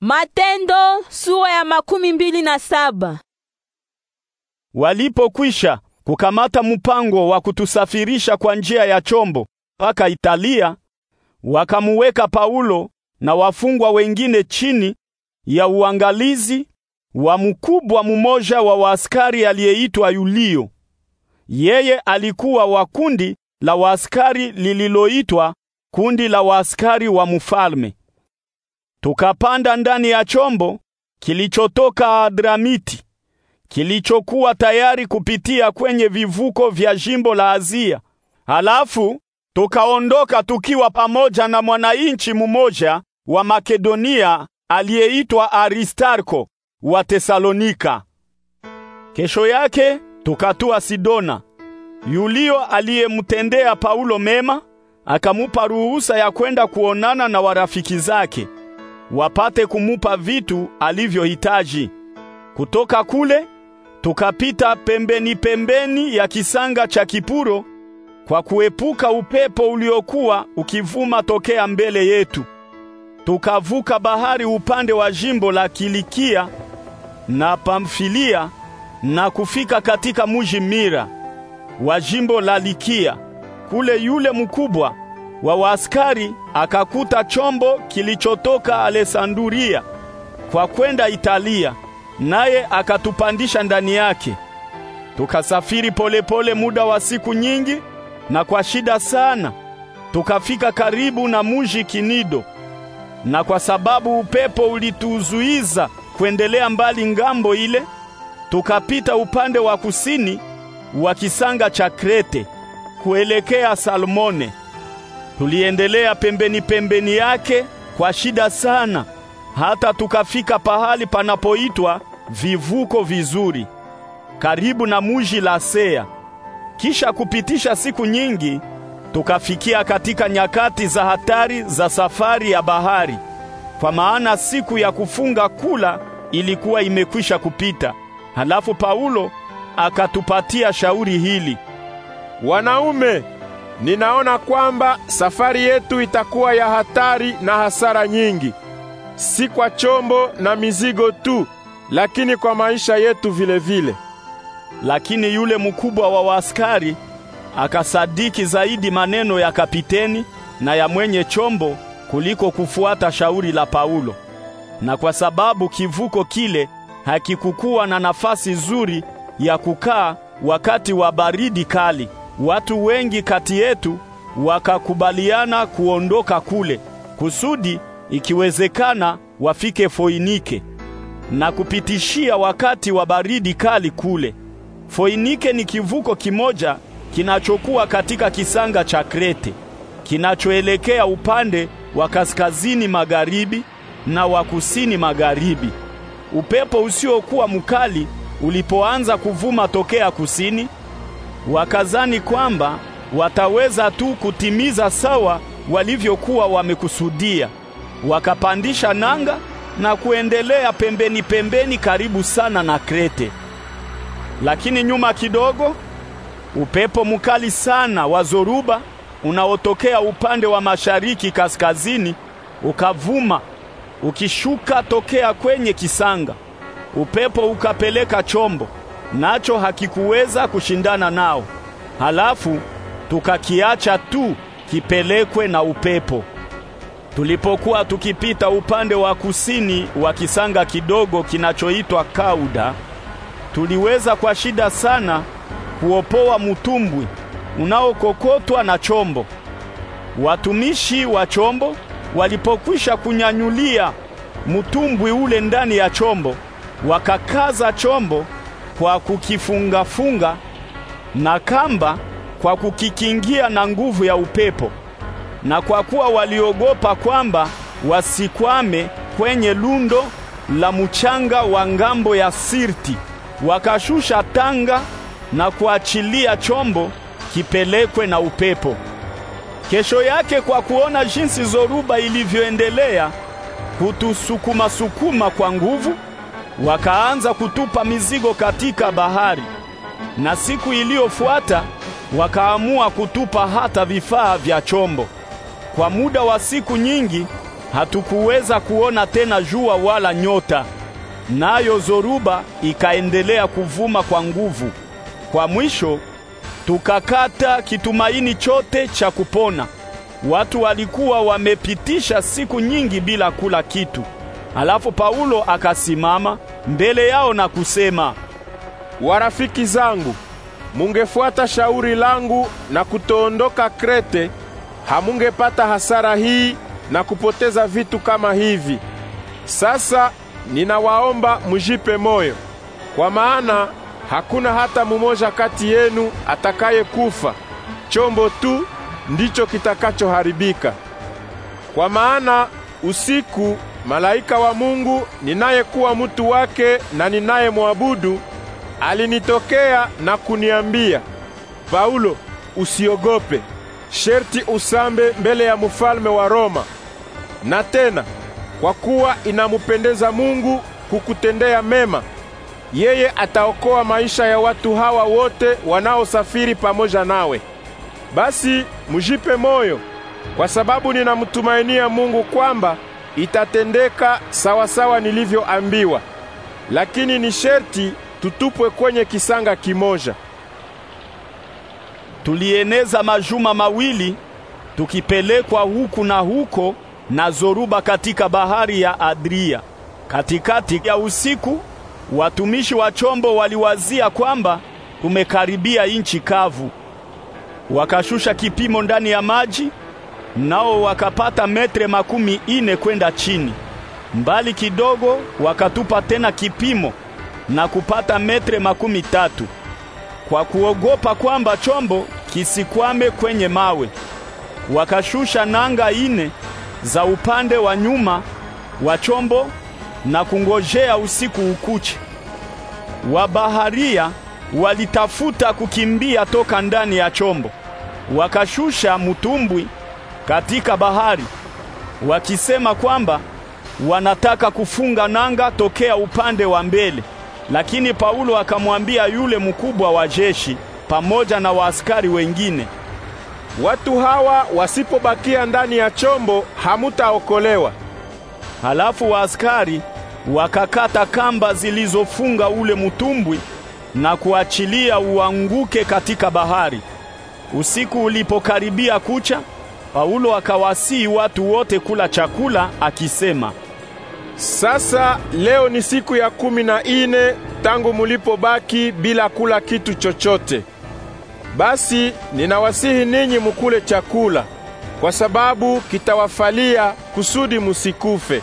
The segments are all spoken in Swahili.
Matendo sura ya makumi mbili na saba. Walipokwisha kukamata mpango wa kutusafirisha kwa njia ya chombo mpaka Italia, wakamuweka Paulo na wafungwa wengine chini ya uangalizi wa mkubwa mmoja wa waaskari aliyeitwa Yulio. Yeye alikuwa wa kundi la waaskari lililoitwa kundi la waaskari wa mfalme. Tukapanda ndani ya chombo kilichotoka Adramiti kilichokuwa tayari kupitia kwenye vivuko vya jimbo la Azia. Halafu tukaondoka tukiwa pamoja na mwananchi mmoja wa Makedonia aliyeitwa Aristarko wa Tesalonika. Kesho yake tukatua Sidona. Yulio aliyemtendea Paulo mema akamupa ruhusa ya kwenda kuonana na warafiki zake wapate kumupa vitu alivyohitaji. Kutoka kule tukapita pembeni pembeni ya kisanga cha Kipuro kwa kuepuka upepo uliokuwa ukivuma tokea mbele yetu. Tukavuka bahari upande wa jimbo la Kilikia na Pamfilia na kufika katika muji Mira wa jimbo la Likia. Kule yule mkubwa wa waaskari akakuta chombo kilichotoka Alesanduria kwa kwenda Italia, naye akatupandisha ndani yake. Tukasafiri polepole pole muda wa siku nyingi na kwa shida sana, tukafika karibu na muji Kinido, na kwa sababu upepo ulituzuiza kuendelea mbali ngambo ile, tukapita upande wa kusini wa kisanga cha Krete kuelekea Salmone. Tuliendelea pembeni pembeni yake kwa shida sana, hata tukafika pahali panapoitwa vivuko vizuri, karibu na muji sea Kisha kupitisha siku nyingi, tukafikia katika nyakati za hatari za safari ya bahari, kwa maana siku ya kufunga kula ilikuwa imekwisha kupita. Halafu Paulo akatupatia shauri hili: wanaume Ninaona kwamba safari yetu itakuwa ya hatari na hasara nyingi, si kwa chombo na mizigo tu, lakini kwa maisha yetu vile vile. Lakini yule mkubwa wa waaskari akasadiki zaidi maneno ya kapiteni na ya mwenye chombo kuliko kufuata shauri la Paulo. Na kwa sababu kivuko kile hakikukuwa na nafasi nzuri ya kukaa wakati wa baridi kali, watu wengi kati yetu wakakubaliana kuondoka kule kusudi ikiwezekana wafike Foinike na kupitishia wakati wa baridi kali kule. Foinike ni kivuko kimoja kinachokuwa katika kisanga cha Krete kinachoelekea upande wa kaskazini magharibi na wa kusini magharibi. Upepo usiokuwa mkali ulipoanza kuvuma tokea kusini, wakazani kwamba wataweza tu kutimiza sawa walivyokuwa wamekusudia. Wakapandisha nanga na kuendelea pembeni pembeni karibu sana na Krete. Lakini nyuma kidogo, upepo mkali sana wa zoruba unaotokea upande wa mashariki kaskazini ukavuma ukishuka tokea kwenye kisanga. Upepo ukapeleka chombo nacho hakikuweza kushindana nao. Halafu tukakiacha tu kipelekwe na upepo. Tulipokuwa tukipita upande wa kusini wa kisanga kidogo kinachoitwa Kauda, tuliweza kwa shida sana kuopoa mtumbwi unaokokotwa na chombo. Watumishi wa chombo walipokwisha kunyanyulia mtumbwi ule ndani ya chombo, wakakaza chombo kwa kukifunga-funga na kamba kwa kukikingia na nguvu ya upepo, na kwa kuwa waliogopa kwamba wasikwame kwenye lundo la mchanga wa ngambo ya Sirti, wakashusha tanga na kuachilia chombo kipelekwe na upepo. Kesho yake, kwa kuona jinsi zoruba ilivyoendelea kutusukuma-sukuma kwa nguvu wakaanza kutupa mizigo katika bahari, na siku iliyofuata wakaamua kutupa hata vifaa vya chombo. Kwa muda wa siku nyingi hatukuweza kuona tena jua wala nyota. Nayo zoruba ikaendelea kuvuma kwa nguvu. Kwa mwisho tukakata kitumaini chote cha kupona. Watu walikuwa wamepitisha siku nyingi bila kula kitu. Alafu Paulo akasimama mbele yao na kusema, warafiki zangu, mungefuata shauri langu na kutoondoka Krete, hamungepata hasara hii na kupoteza vitu kama hivi. Sasa ninawaomba mujipe moyo, kwa maana hakuna hata mumoja kati yenu atakayekufa. Chombo tu ndicho kitakachoharibika. Kwa maana usiku malaika wa Mungu ninayekuwa mtu wake na ninayemwabudu alinitokea na kuniambia, Paulo, usiogope. Sherti usambe mbele ya mfalme wa Roma. Na tena kwa kuwa inamupendeza Mungu kukutendea mema, yeye ataokoa maisha ya watu hawa wote wanaosafiri pamoja nawe. Basi mujipe moyo, kwa sababu ninamtumainia Mungu kwamba itatendeka sawasawa nilivyoambiwa, lakini ni sherti tutupwe kwenye kisanga kimoja. Tulieneza majuma mawili tukipelekwa huku na huko na zoruba katika bahari ya Adria. Katikati ya usiku watumishi wa chombo waliwazia kwamba tumekaribia inchi kavu, wakashusha kipimo ndani ya maji nao wakapata metre makumi ine kwenda chini. Mbali kidogo wakatupa tena kipimo na kupata metre makumi tatu kwa kuogopa kwamba chombo kisikwame kwenye mawe. Wakashusha nanga ine za upande wa nyuma wa chombo na kungojea usiku ukuche. Wabaharia walitafuta kukimbia toka ndani ya chombo, wakashusha mtumbwi katika bahari wakisema kwamba wanataka kufunga nanga tokea upande wa mbele. Lakini Paulo akamwambia yule mkubwa wa jeshi pamoja na waaskari wengine, watu hawa wasipobakia ndani ya chombo hamutaokolewa. Halafu waaskari wakakata kamba zilizofunga ule mtumbwi na kuachilia uanguke katika bahari. Usiku ulipokaribia kucha Paulo akawasihi watu wote kula chakula akisema, sasa leo ni siku ya kumi na ine tangu mulipobaki bila kula kitu chochote. Basi ninawasihi ninyi mukule chakula, kwa sababu kitawafalia kusudi musikufe.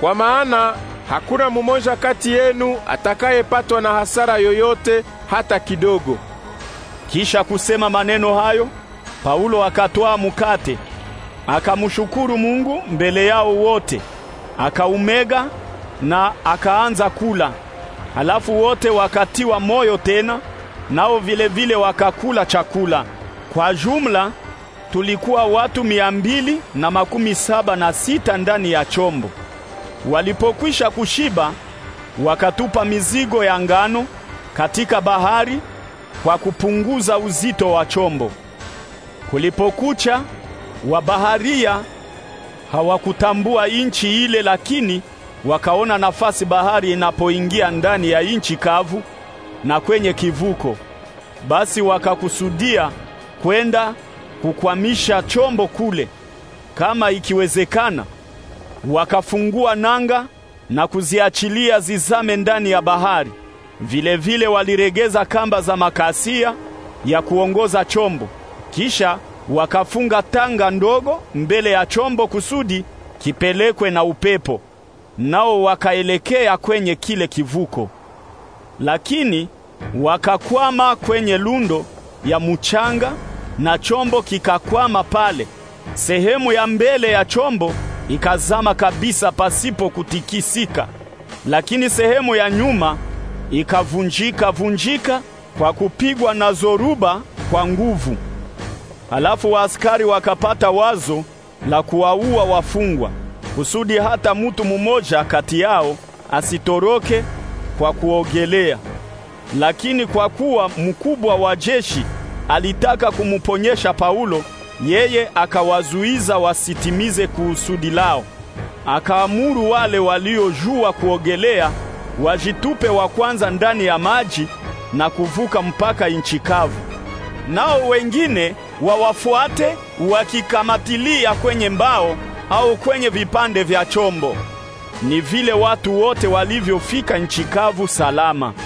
Kwa maana hakuna mumoja kati yenu atakayepatwa na hasara yoyote hata kidogo. Kisha kusema maneno hayo Paulo akatwaa mkate, akamshukuru Mungu mbele yao wote, akaumega na akaanza kula. Halafu wote wakatiwa moyo tena, nao vile vile wakakula chakula. Kwa jumla tulikuwa watu mia mbili na makumi saba na sita ndani ya chombo. Walipokwisha kushiba, wakatupa mizigo ya ngano katika bahari kwa kupunguza uzito wa chombo. Kulipokucha, wabaharia hawakutambua inchi ile, lakini wakaona nafasi bahari inapoingia ndani ya inchi kavu na kwenye kivuko. Basi wakakusudia kwenda kukwamisha chombo kule, kama ikiwezekana, wakafungua nanga na kuziachilia zizame ndani ya bahari. Vilevile vile waliregeza kamba za makasia ya kuongoza chombo. Kisha wakafunga tanga ndogo mbele ya chombo kusudi kipelekwe na upepo, nao wakaelekea kwenye kile kivuko, lakini wakakwama kwenye lundo ya mchanga na chombo kikakwama pale. Sehemu ya mbele ya chombo ikazama kabisa pasipo kutikisika, lakini sehemu ya nyuma ikavunjika vunjika kwa kupigwa na zoruba kwa nguvu. Halafu waaskari wakapata wazo la kuwaua wafungwa kusudi hata mutu mumoja kati yao asitoroke kwa kuogelea. Lakini kwa kuwa mkubwa wa jeshi alitaka kumuponyesha Paulo, yeye akawazuiza wasitimize kusudi lao. Akaamuru wale waliojua kuogelea wajitupe wa kwanza ndani ya maji na kuvuka mpaka inchikavu kavu. Nao wengine wawafuate wakikamatilia kwenye mbao au kwenye vipande vya chombo. Ni vile watu wote walivyofika nchi kavu salama.